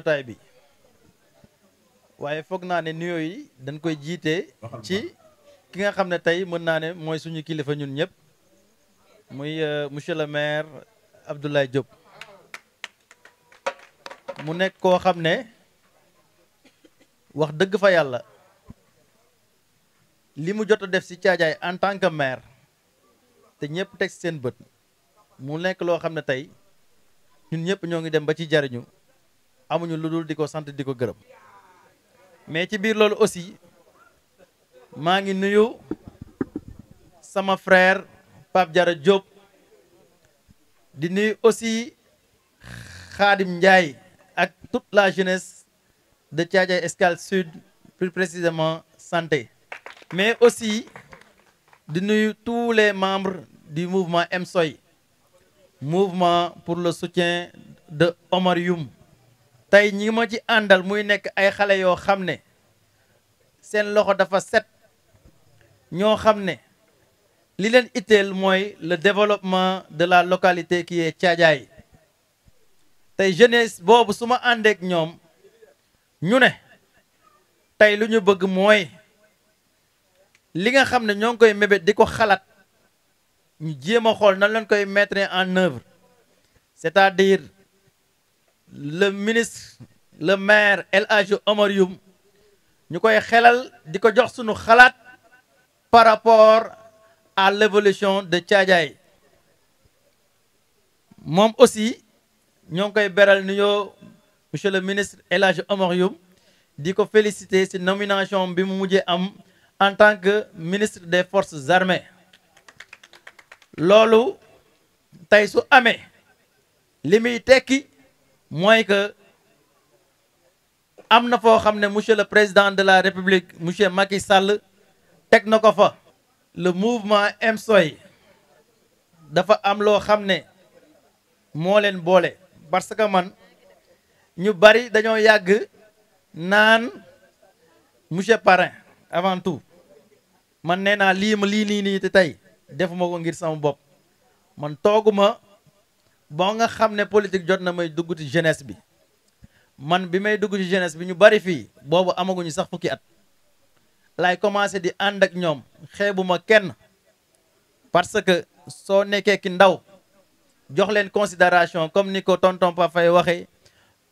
jotaay bi waaye foog naa ne nuyoo yi dañ koy jiite ci ki nga xam ne tey mën naa ne mooy suñu kilifa ñun ñëpp muy euh, monsieur le maire Abdoulaye Diop mu nekk koo xam ne wax dëgg fa yàlla li mu jot a def ci caajaay en tant te ñëpp teg seen bët mu nekk loo xam ne tey ñun ñëpp ñoo ngi dem ba ci jariñu amuñu luddul diko sant mais ci biir aussi maa ngi nuyu frère Pape Diarra Diop di aussi Khadim Ndiaye ak toute la jeunesse de Tchadja Escal Sud plus précisément santé mais aussi di tous les membres du mouvement MSOY mouvement pour le soutien de Omar Youm tay ñi ma ci andal muy nek ay xalé yo xam sen loxo dafa set ño xam li leen itel moy le développement de la localité qui est Tiadjay tay jeunesse bobu suma nyom àndeek ñoom ñu ne tay lu ñu bëgg moy li nga xam ñong koy mébét diko xalat ñu xol leen koy mettre en œuvre c'est-à-dire le ministre le maire El Hadji Omar Youm nous par rapport à l'évolution de Tchadjaï moi aussi nous avons koy monsieur le ministre El Hadji Omar féliciter cette nomination en tant que ministre des forces armées Lolo Taïsou Amé, limité qui. mooy que am na foo xam ne monsieur le président de la république monsieur Macky Sall teg na ko fa. le mouvement m dafa am loo xam ne moo leen boole. parce que man ñu bari dañoo yàgg naan monsieur parrain avant tout man nee naa lii lii nii nii te tey defuma ko ngir sama bopp man tooguma boo nga xamné politique jot na may dugg ci jeunesse bi man bi may dugg ci jeunesse bi ñu bari fii boobu amaguñu sax fukki at lay commencé di and ak ñom xébuma kenn parce que so nekké ki ndaw jox leen considération comme niko tonton Pa Faye waxé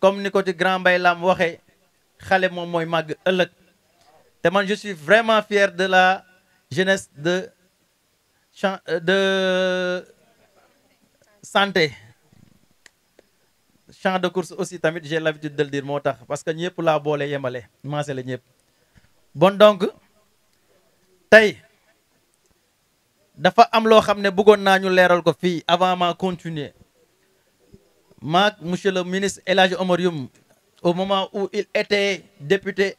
comme niko ci grand Mbaye Lam waxee xale moom mooy màgg ëllëg te man je suis vraiment fier de la jeunesse de euh, de santé champ de course aussi tamit j'ai l'habitude de le dire motax parce que ñepp la bolé Moi, mancé la ñepp bon donc tay dafa am lo xamné bëggon bëggoon naa ñu leeral ko fi avant ma continuer Marc monsieur le ministre El Hadji au moment où il était député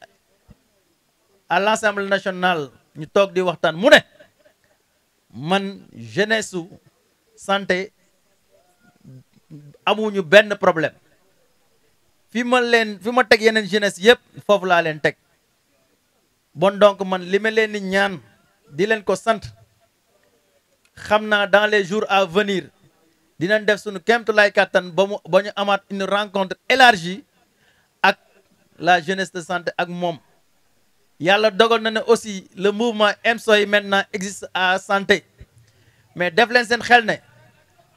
à l'Assemblée nationale ñu tok di waxtan mu né man jeunesse santé amuñu benn problème fi ma leen fi ma teg yeneen jeunesse yëpp foofu laa leen teg bon donc man li ma leen ñaan di leen ko sant xam naa dans les jours à venir dinañ def sunu suñu kéemtulaay kàttan ba mu ba ñu amaat une rencontre élargie ak la jeunesse de santé ak moom yàlla dogal na ne aussi le mouvement MSOY maintenant existe à santé mais def leen seen xel ne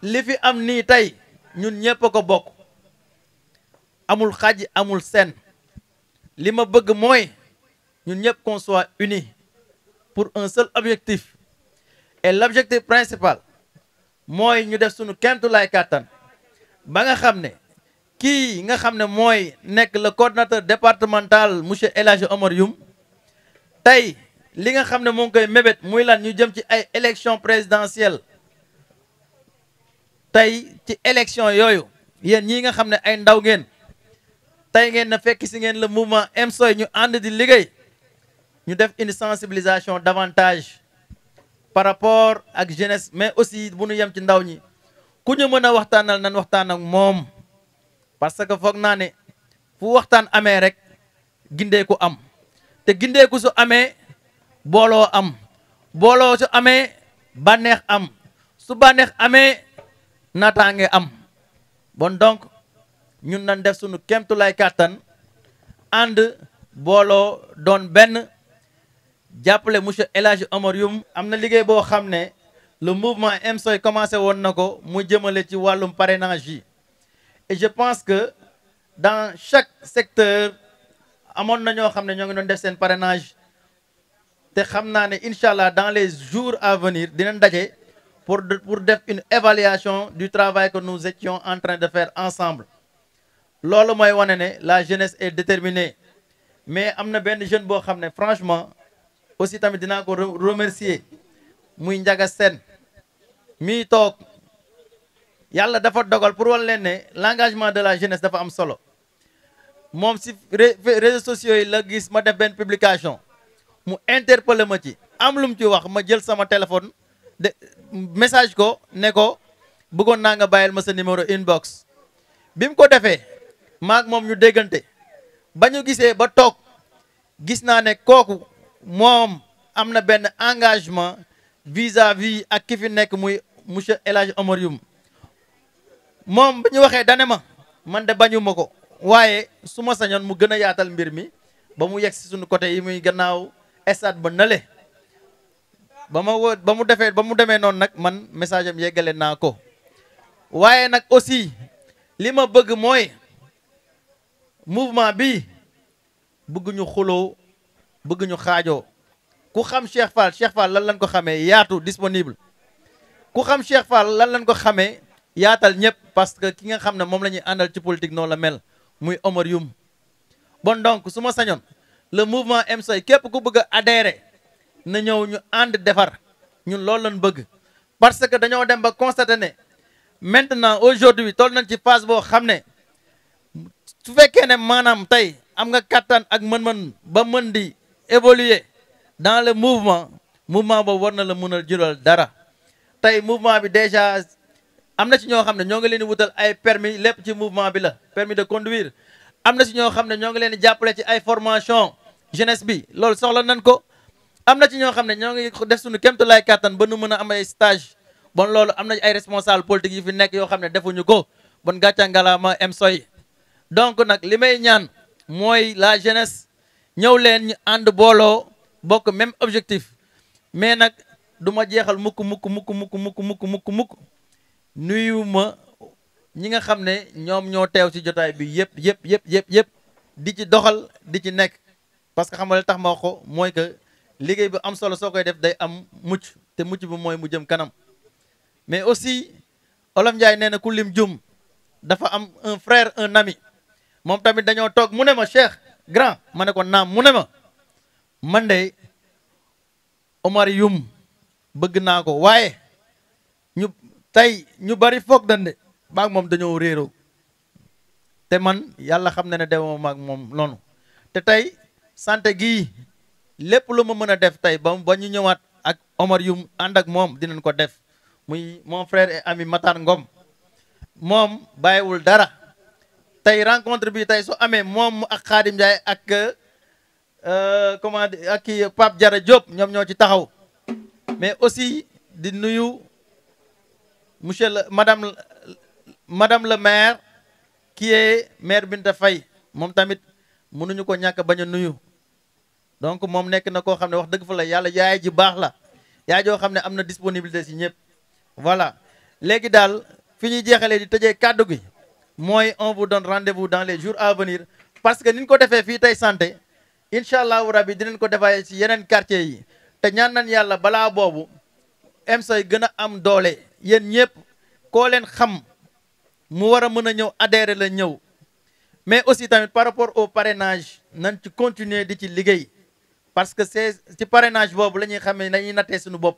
li fi am nii tey ñun ñepp ko de amul xaj amul sen lima bëgg moy ñun qu'on soit unis pour un seul objectif et l'objectif principal moy ñu def suñu lay katan ba nga xamné ki nga xamné moy le coordonnateur départemental monsieur El Omar Youm li nga xamné mo nous élection présidentielle tey ci élection yooyu yéen ñii nga xam ne ay ndaw ngeen tey ngeen na fekk si ngeen la mouvement m ñu ànd di liggéey ñu def une sensibilisation davantage par rapport ak jeunesse mais aussi bu ñu yem ci ndaw ñi ku ñu mën a waxtaanal nan waxtaan ak moom parce que foog naa ne fu waxtaan amee rek gindeeku am te gindeeku su amee booloo am booloo su amee banneex am su bànneex amee naataange am bon donc ñun nañ def suñu lay katan ànd bolo don ben jàppale monsieur Elage Hadji amna Youm bo xamné le mouvement MSOY commencé woon na mu jëmele ci walum parrainage et je pense que dans chaque secteur amon na ñoo xam ne ngi doon def sen parrainage té xamna né inshallah dans les jours à venir dinañ daje pour, pour une évaluation du travail que nous étions en train de faire ensemble. que la jeunesse est déterminée mais amna ben jeune franchement aussi tamit remercier muy Njaga sen Yalla pour l'engagement de la jeunesse dafa am solo réseaux sociaux la gis publication mu ma ci am ci ma téléphone de message ko ne ko bëggoon naa nga bàyyil ma sa numéro inbox bi mu ko defee maak moom ñu déggante ba ñu gisee ba toog gis naa ne kooku moom am na benn engagement vis-à-vis ak ki fi nekk muy monsieur El Hadj Omar Youm moom bi ñu waxee dane ma man de bañuma ko waaye su ma sañoon mu gën a yaatal mbir mi ba mu yegg si suñu côté yi muy gannaaw stade ba nale ba ma woo ba mu defee ba mu demee noonu nag man message am yeggale naa ko waaye nag aussi li ma bëgg mooy mouvement bi bëgg ñu xuloo bëgg xaajoo ku xam Cheikh Fall Cheikh Fall lan lañ ko xamee yaatu disponible ku xam Cheikh Fall lan lañ ko xamee yaatal ñëpp parce que ki nga xam ne moom la ñuy àndal ci politique noonu la mel muy Omar Youm bon donc su ma sañoon le mouvement M képp ku bëgg a na ñëw ñu ànd defar ñun loolu lañu bëgg parce que dañoo dem ba constaté ne maintenant aujourd'hui toll nañ ci phase boo xam ne su fekkee ne maanaam tey am nga kattan ak mën-mën ba mën di évoluer dans le mouvement mouvement boobu war na la mën a jural dara tey mouvement bi déjà am na ci ñoo xam ne ñoo ngi leen wutal ay permis lépp ci mouvement bi la permis de conduire am na ci ñoo xam ne ñoo ngi leen di jàppale ci ay formation jeunesse bi loolu soxla nañ ko am na ci ñoo xam ne ñoo ngi def suñu kéemtulaay kàttan ba nu mën a am ay stage bon loolu am na ay responsable politique yi fi nekk yoo xam ne defuñu ko bon gàcca ngalaama m soy donc nag li may ñaan mooy la jeunesse ñëw leen ñu ànd booloo bokk même objectif mais nag duma jeexal mukk mukk mukk mukk mukk mukk mukk mukk nuyu ma ñi nga xam ne ñoom ñoo teew ci jotaay bi yëpp yëpp yëpp yëpp yëpp di ci doxal di ci nekk parce que xam tax ma wax mooy que liggéey bi am solo soo koy def day am mucc te mucc bi mooy mu jëm kanam mais aussi Olof Njaay nee na ku lim jum dafa am un frère un ami moom tamit dañoo toog mu ne ma Cheikh grand ma ne naam mu ne ma man de Omar yum bëgg naa ko waaye ñu tey ñu bari foog dande maag moom dañoo réeroo te man yàlla xam na ne dewuma maag moom noonu te tey santé gii lepp lu ma meuna def tay ba ba ñu ñëwaat ak Omar yu ànd ak moom dinañ ko def muy mon frère et ami Matar Ngom mom bàyyiwul dara tay rencontre bi tay su amé mom ak Khadim Ndiaye ak euh comment ak kii Pape Diarra Diop ñoom ñoo ci taxaw mais aussi di nuyu monsieur le madame madame le maire qui est maire Binta Faye mom tamit mënuñu ko ñaka baña nuyu donc mom nek na ko xamne wax deug fa la yalla yaay ji bax la ya jo xamne amna disponibilité ci ñëpp voilà légui dal fiñu jéxalé di tëjee kàddu gui moy on vous donne rendez-vous dans les jours à venir parce que niñ ko défé fi tay santé inshallah rabbi rabi dinañ ko defee ci yenen quartier yi te ñaan nañ yalla bala bobu EMSA gën a am doolé yeen ñëpp ko leen xam mu wara mëna ñëw adhérer la ñëw mais aussi tamit par rapport au parrainage nañ ci continuer di ci liguey parce que c'est ci parrainage boobu la ñuy xamee nañuy nattee suñu bopp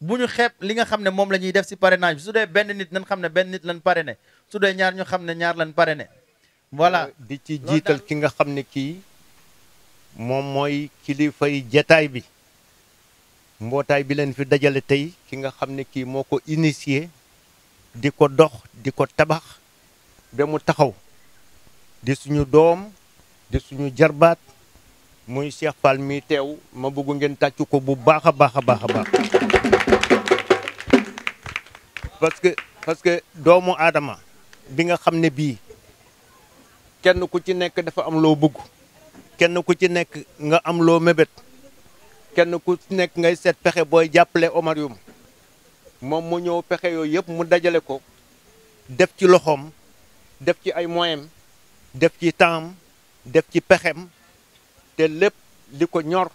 bu ñu xepp li nga xam ne moom la ñuy def si parrainage bi su dee benn nit nañ xam ne benn nit lañ parrainé su dee ñaar ñu xam ne ñaar lañ parrainé voilà euh, di ci jiital ki nga xam ne kii moom mooy kilifay jataay bi mbootaay bi leen fi dajale tey ki nga xam ne kii moo ko initié di ko dox di ko tabax ba mu taxaw di suñu doom di suñu jarbaat muy Cheikh Fall mi teew ma bëgg ngeen tàccu ko bu baax a baax a baax a baax parce que parce que doomu aadama bi nga xam ne bii kenn ku ci nekk dafa am loo bëgg kenn ku ci nekk nga am loo mébét kenn ku nekk ngay seet pexe booy jàppale Omar Youm moom mu ñëw pexe yooyu yëpp mu dajale ko def ci loxoom def ci ay moyens def ci temps def ci pexem te lépp li ko ñor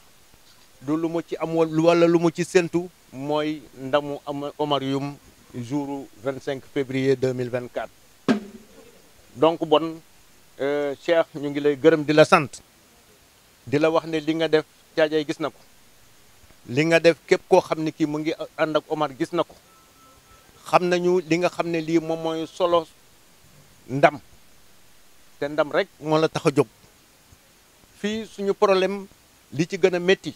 du lu mu ci am wala lu mu ci séntu mooy ndamu am Omarium jouru 25 février 2024 donc bon euh, Cheikh ñu ngi lay gërëm di la sant di la wax ne li nga def caajay gis na ko li nga def képp koo xam ne kii mu ngi ànd ak Omar gis na ko xam nañu li nga xam ne lii moom mooy solo ndam te ndam rek moo la tax a jóg fi suñu problème li ci gëna metti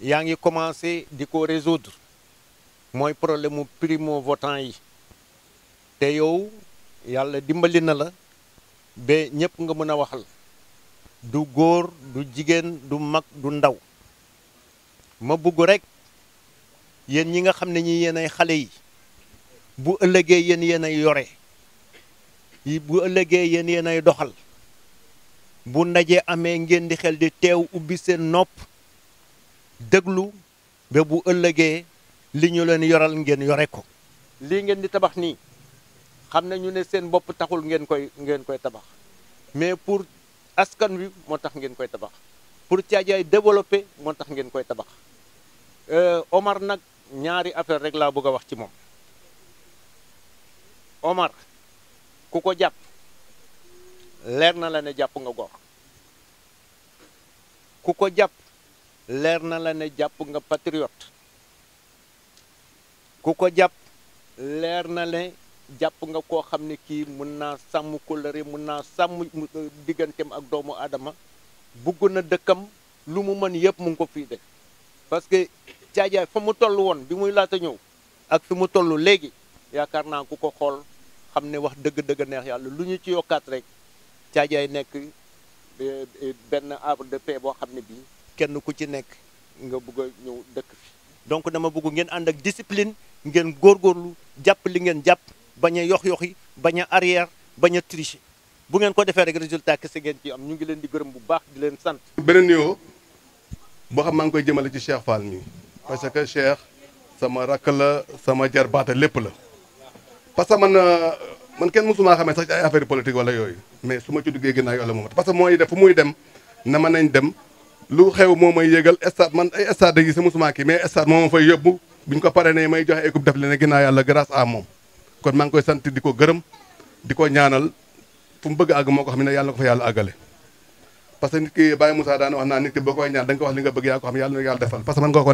yaa commencé di résoudre problème primo votant yi te yow yàlla dimbali na la ba ñëpp nga waxal du du du mag ma rek ñi nga ñi ay yi bu ëllëgee yéen yéen ay yi bu ay bu ndajee amee ngeen di xel di teew ubbi seen nopp déglu ba bu ëllëgee li ñu leen yoral ngeen yore ko. lii ngeen di tabax nii xam na ñu ne seen bopp taxul ngeen koy ngeen koy tabax mais pour askan wi moo tax ngeen koy tabax pour Thiadiaye développé moo tax ngeen koy tabax euh, Omar nag ñaari affaire rek laa bëgg a wax ci moom Omar ku ko jàpp. leer na la ne japp nga gor ku ko japp leer na la ne japp nga patriote ku ko japp leer na le japp nga ko xam ki kii mun naa sàmm kóllëre mun naa euh, ak doomu adama bugg na dëkkam lu mu mën yëpp mu ko fi def parce que tiaja fa mu tollu won bi muy laata ñew ak fi mu tollu yaakaar ku ko xool xam wax dëgg-dëgg neex yàlla lu ci yokkaat rek jaajay nek eh, eh, ben arbre de paix bo xam bi kenn ku ci nek nga bëgg a dëkk fi donc dama bëgg ngeen and ak discipline ngeen gor góorgóorlu japp li ngeen japp baña yox yox yi baña arrière baña a tricher bu ngeen ko defee rek résultat kess ngeen ci am ñu ngi leen di gërëm bu baax di leen sant benen yo bo xam ma ngi koy jëmale ci Cheikh Fall ni parce que Cheikh sama rakla sama jarbaata lepp la parce que man euh, man kenn mësumaa xamee sax ci ay affaire politique yooyu mais su ma ci duggee ginnaaw yàlla moom parce que mooy def fu muy dem na ma nañ dem lu xew moo may yëgal stade man ay stade yi sa mësumaa kii mais stade moo ma fay yóbbu bu ñu ko paree ne may joxe équipe def leen ginnaaw yàlla grâce à moom kon maa koy sant di ko gërëm di ko ñaanal fu mu bëgg àgg moo ko xam ne yàlla ko fa yàlla àggale parce nit ki Baye Moussa daana wax naa nit boo koy ñaan na yàlla defal na ko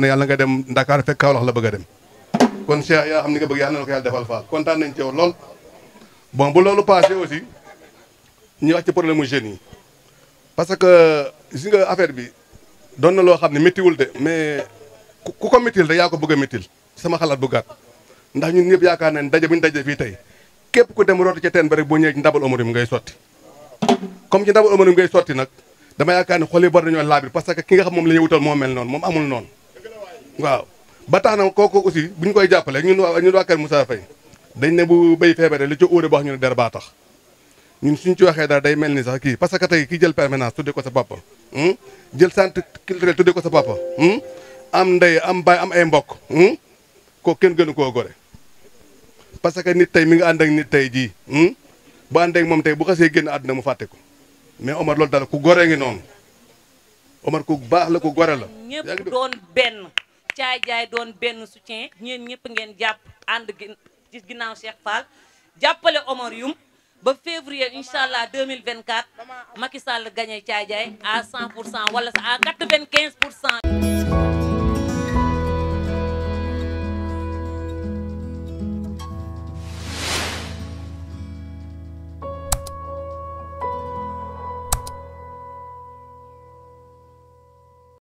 yàlla bon bu loolu passé aussi ñuy wax ci problème mu jeunes yi parce que gis nga affaire bi doon na loo xam ne de mais ku ko méttil rek yaa ko bëgg a sama xalaat bu gàtt ndax ñun ñëpp yaakaar nañ daje bu ñu daje fii képp ku dem rooti ca teen ba rek boo ci ndabal omorim ngay sotti comme ci ndabal omorim ngay sotti nag dama yaakaar ne xol yi war nañoo laabir parce que ki nga xam mom la wutal mel amul non waaw ba tax na kooku aussi bu koy ñun ñun Kër Moussa Faye dañ ne bu béy feebare li ci óore wax ñu ne der baa tax ñun suñ ci waxee daal day mel ni sax kii parce que tey ki jël permanence tudde ko sa papa hmm? jël centre culturel ko sa papa hmm? am ndey am baay am ay mbokk hmm? ko kenn gënu koo gore parce que nit tey mi ngi ànd ak nit tey jii bu ànd ak moom tey bu xasee génn àdduna mu fàtte ko mais Omar loolu dal ku gore ngi noonu Omar ku baax la ku gore la ñëpp doon benn caay jaay doon benn soutien ñeen ñëpp ngeen jàpp ànd gi ci ginnaaw Cheikh Fall jàppale Omar Youm ba février incha allah 2024 Macky Sall gagné Thiadiaye à 100 pour cent wala à 95 pour cent.